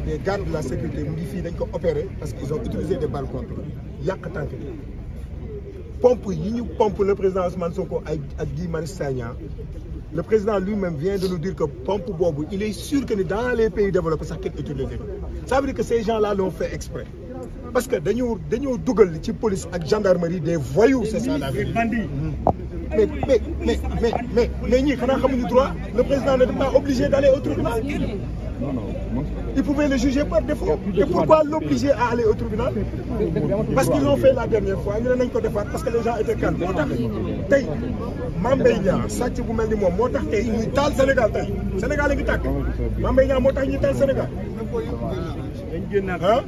des euh, gardes de la sécurité modifiés parce qu'ils ont utilisé des balles contre y pompe pompe le président Ousmane Sonko ak le président lui-même vient de nous dire que pompe Bobo, il est sûr que dans les pays développés ça veut dire que ces gens-là l'ont fait exprès parce que nous avons les la police gendarmerie des voyous c'est ça la vérité mais mais mais mais mais mais mais, droit le président n'est pas obligé d'aller autrement. Ils pouvaient le juger par défaut. Et pourquoi l'obliger à aller au tribunal Parce qu'ils l'ont fait la dernière fois. Ils l'ont fait parce que les gens étaient calmes. tey Mame Mbaye Niang le bu mel ni moom moo tax tey ñuy taal Sénégal le Sénégal est. Mame Niang moo tax ñuy taal Sénégal hein?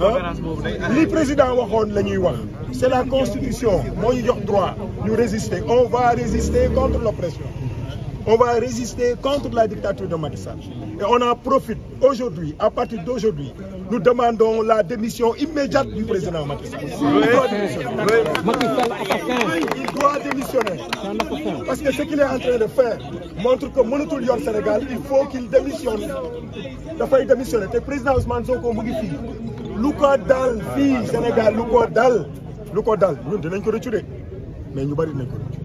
hein? Le président waxoon la ñuy c'est la constitution moo a jox droit nous résister on va résister contre l'oppression on va résister contre la dictature de Macky Et on en profite aujourd'hui, à partir d'aujourd'hui, nous demandons la démission immédiate du président Macky Sall. Il doit démissionner. Parce que ce qu'il est en train de faire montre que mon le Sénégal, il faut qu'il démissionne. Il faut démissionner. Le président Ousmane Sonko Mougifi, Luka Dal, fille Sénégal, Luka Dal, Luka Dal, nous devons le retirer. Mais nous ne sommes pas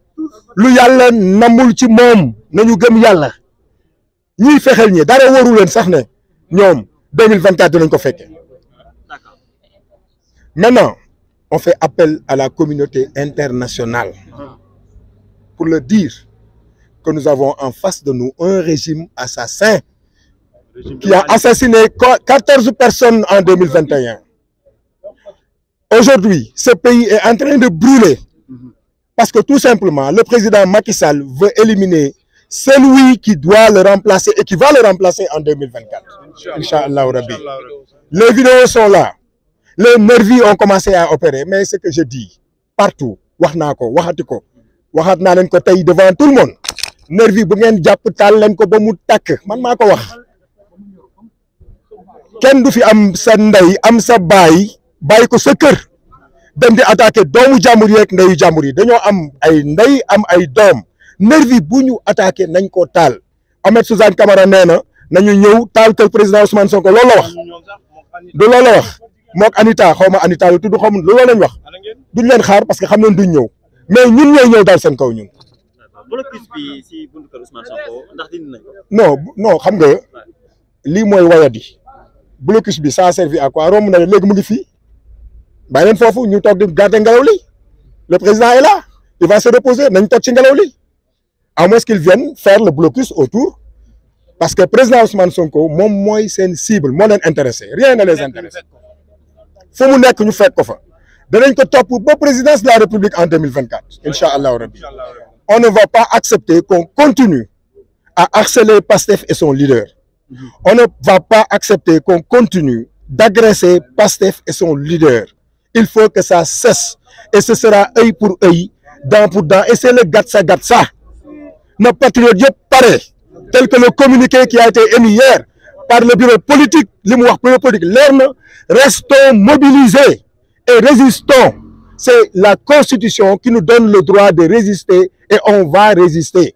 maintenant on fait appel à la communauté internationale pour le dire que nous avons en face de nous un régime assassin qui a assassiné 14 personnes en 2021. Aujourd'hui, ce pays est en train de brûler parce que tout simplement, le président Macky Sall veut éliminer celui qui doit le remplacer et qui va le remplacer en 2024. Inch'Allah Rabbi. Les vidéos sont là. Les nervis ont commencé à opérer. Mais ce que je dis, partout, Wahnako, Wahatiko, Wahatna devant tout le monde. Nervi, Bungen, Djaputal, Lenko, Bomutak, Manmako Wah. Ken du fi am sa ndey am sa baay bàyyi ko sa kër dem di attaqué doomu jàmbur yi rek ndeyu jàmbur yi dañoo am ay ndey am ay doom nervi bu ñu attaqué nañ koo taal Ahmed Suzanne Camara nee na nañu ñëw taal kër président Ousmane Sonko loolu la wax du loolu la wax mook Anita xaw ma Anita yu tudd xaw ma loolu lañ wax duñ leen xaar parce que xam ne duñ ñëw mais ñun ñooy ñëw daal seen kaw ñun. blocus si buntu ndax dindi nañ ko. non xam nga lii mooy wayadi blocus bi ça servi à quoi romb na léegi mu ngi fii. bàyyi leen fois ñu toog di garder le président est là il va se reposer nañ toog ci à moins qu'il vienne faire le blocus autour parce que le président Ousmane Sonko moi c'est une cible moo pas intéressé rien ne les intéresse Faut que que nous fassions ko Nous danañ ko topp ba présidence de la République en 2024 Inch'Allah, rabbi on ne va pas accepter qu'on continue à harceler Pastef et son leader on ne va pas accepter qu'on continue d'agresser Pastef et son leader il faut que ça cesse. Et ce sera œil pour œil, dent pour dent. Et c'est le gatsa gatsa. Nos patriotes, pareil. Tel que le communiqué qui a été émis hier par le bureau politique, le bureau politique, l'ERN, restons mobilisés et résistons. C'est la Constitution qui nous donne le droit de résister et on va résister.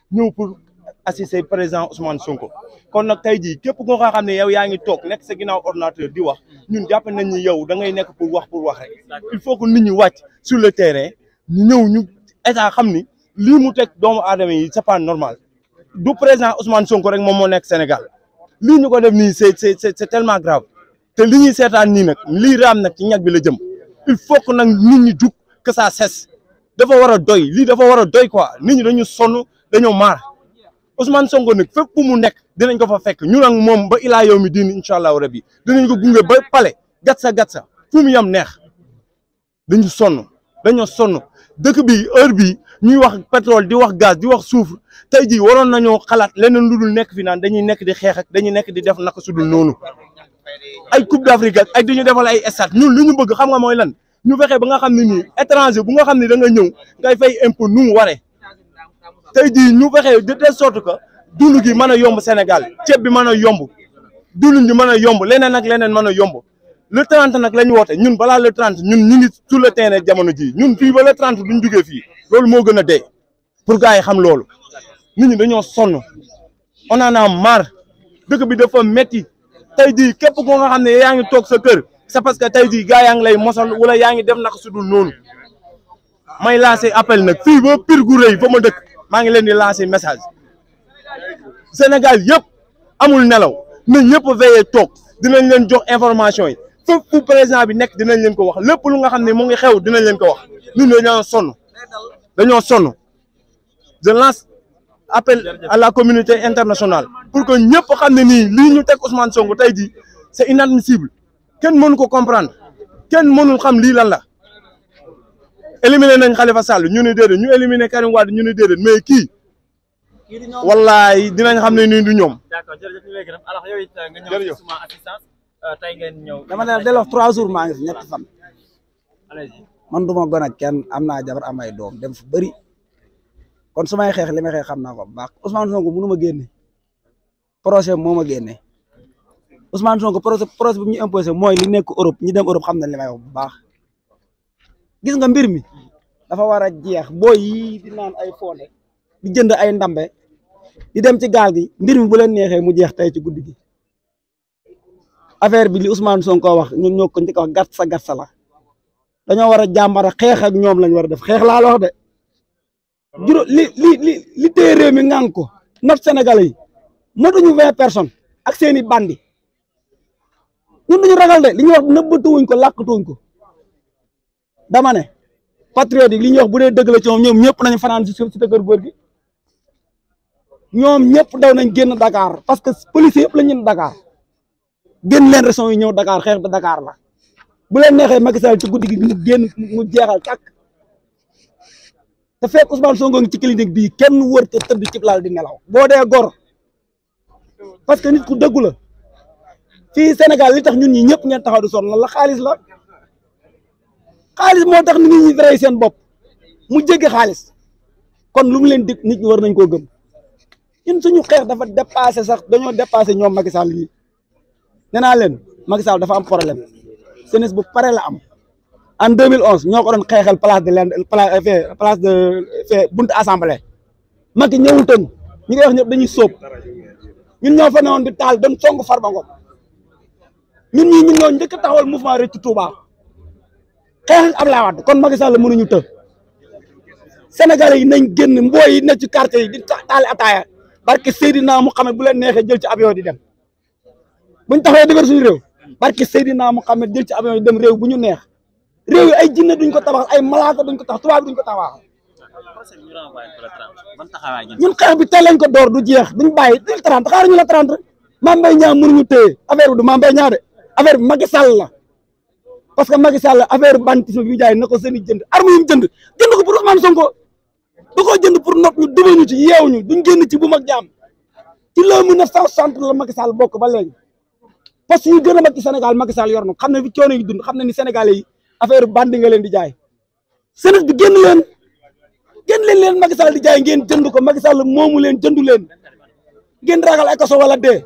ñëw pour assister président Ousmane Sonko kon nak tey jii képp koo xam ne yow yaangi tok nek nekk sa ginnaaw ordinateur di wax ñun jàpp nañ ni yow da ngay nek pour wax pour wax rek il faut que nit ñi wacc sur le terrain ñu ñëw ñu état xamni li mu tek doomu aadama yi c'est pas normal du président Ousmane Sonko rek mom mo nek Sénégal li ñu ko def ni c'est c'est c'est tellement grave te li ñi sétane ni nak li ram nak ci ñag bi la jëm il faut que nag nit ñi jug que ça cesse dafa wara doy li dafa wara doy quoi nit ñi dañu sonu dañoo maar Ousmane Sonko nag fépp bu mu nekk dinañ ko fa fekk ñu ak moom ba ilaa yow mi diin incha allahu rabi dinañ ko gunge ba pale gatsa gatsa fu mu yam neex dañu sonn dañoo sonn dëkk bi heure bi ñuy wax pétrole di wax gaz di wax soufre tey jii waroon nañoo xalaat leneen lu dul nekk fi naan dañuy nekk di xeex ak dañuy nekk di def naka su dul noonu ay coupe d'Afrique ak ay dañu defal ay stade ñun lu ñu bëgg xam nga mooy lan ñu fexe ba nga xam ne nii bu nga xam ne da ñëw ngay fay impôt nu mu waree tey jii ñu waxe de telle sorte que dund gi mën yomb Sénégal ceeb bi mën yomb dund gi mën yomb leneen nak leneen mën yomb le 30 nak lañ ñu ñun bala le 30 ñun ñu ngi sur le terrain jamono ji ñun fi bala le 30 duñ jugee fi loolu mo gëna dé pour gaay xam loolu nit ñi dañoo sonn on en a marre dëkk bi dafa metti tey jii képp ko nga xam ne yaa ngi toog sa kër c'est parce que tey jii gars yaa ngi lay mosal wala yaa ngi def naka su dul noonu may lancer appel nak fi ba pire gu reuy fa ma dëkk maa ngi leen di lancer message Sénégal yëpp amul nelaw nañ ñëpp veiller tok. dinañ leen jox information yi Fepp fu président bi nek dinañ leen ko wax Lepp lu nga xam ne ngi xew dinañ leen ko wax ñun dañoo sonu. dañoo sonu. je lance appel à la communauté internationale pour que ñepp xam ne nii ñu tek Ousmane Sonko tay di c'est inadmissible kenn mënu ko comprendre kenn mënul xam li lan la éliminé nañ Khalifa Sall ñu ni déedéet ñu éliminé Karim Wade ñu ni déedéet mais kii. dinañ xam ne nii du ñoom. d'accord jërëjëf euh, dama ne delloo trois jours maa ngi fi ñetti man du ma kenn am naa jabar am ay doom dem fu bari kon su may xeex li may xeex xam naa ko bu baax Ousmane Sonko mënu ma génne projet moo ma génne Ousmane Sonko projet projet bi ñu imposé mooy li nekk Europe ñi dem Europe xam nañ li may bu baax. gis nga mbir mi dafa wara jeex boy yi di nan ay foole di jënd ay ndambe di dem ci gal gi mbir mi bu len nexé mu jeex tay ci guddigi affaire bi li Ousmane Sonko wax ñun ñoo ko wax sa gàtt sala dañu wara jambara xex ak ñom lañ wara def xex la wax de juro li li li li téye mi ngang ko not Sénégalais yi duñu 20 personnes ak seeni bandi ñun duñu ragal de li ñu wax wuñ ko làkkatuwuñ ko dama ne patriote li ñuy wax bu dee deug la ci ñom ñoom ñëpp nañ fanaan ci ci si kër gi ñom ñëpp daw nañ genn Dakar parce que police yëpp lañ ñu Dakar genn leen raison yi ñëw Dakar xex bi Dakar la bu leen nexé Macky Sall ci guddigi ñu genn mu jéxal tak da fekk Ousmane Sonko ci clinique bi kenn wër te tëdd ci laal di nelaw bo dé gor parce que nit ku dëggu la fii Sénégal li tax ñun ñi ñëpp ñen taxaw du son la xaalis la. xaalis moo tax nit ñi rey seen bopp mu jéggi xaalis kon lu mu leen dig nit ñi war nañ koo gëm ñun suñu xeex dafa dépassé sax dañoo dépassé ñoo Macky Sall yi nee naa leen Macky Sall dafa am problème jeunesse bu pare la am en mille 2011 ñoo ko doon xeexal place de l' euh, place de fee buntu assemblée Macky ñëwul tën ñi koy wax ñëpp dañuy sóob ñun ñoo fa newoon di taal doon song Farba Ngom ñun ñu ñun ñoo njëkk taxawal mouvement Rëccu Touba. am la Wade kon Macky Sall mënu ñu të Sénégalais yi nañ genn mboy yi ne ci quartier yi di taali ataaya barke Seydina Mouhamed bu len neexee jël ci avion di dem buñ taxawee dëgër suñu réew barke Seydina Mouhamed jël ci avion di dem réew buñu nex neex réew yi ay jinne duñ ko tabax ay malaka duñ ko tax tubaab duñ ko tabax ñun xeex bi tey lañ ko door du jeex duñ bayyi duñ 30 xaar ñu la 30 Mame Mbaye mënu ñu téye affaire du Mame Mbaye Niang de affaire bi Macky Sall la parce que Macky Sall affaire bantisme bi jaay nako ko seen jënd armu yi jënd jënd ko pour Ousmane Sonko da koo jënd pour not ñu dubañu ci yew ñu duñu génn ci bu mag jam ci loo 1960 la Macky Sall bokk ba légui parce que yu gën mag ci Sénégal Macky Sall yornu xamna fi coono yi dund xamna ni Sénégalais yi affaire bandi nga leen di jaay Sénégal bi génn leen génn leen leen Macky Sall di jaay ngeen jënd ko Macky Sall momu leen jëndu leen ngeen ragal ay kasso wala dé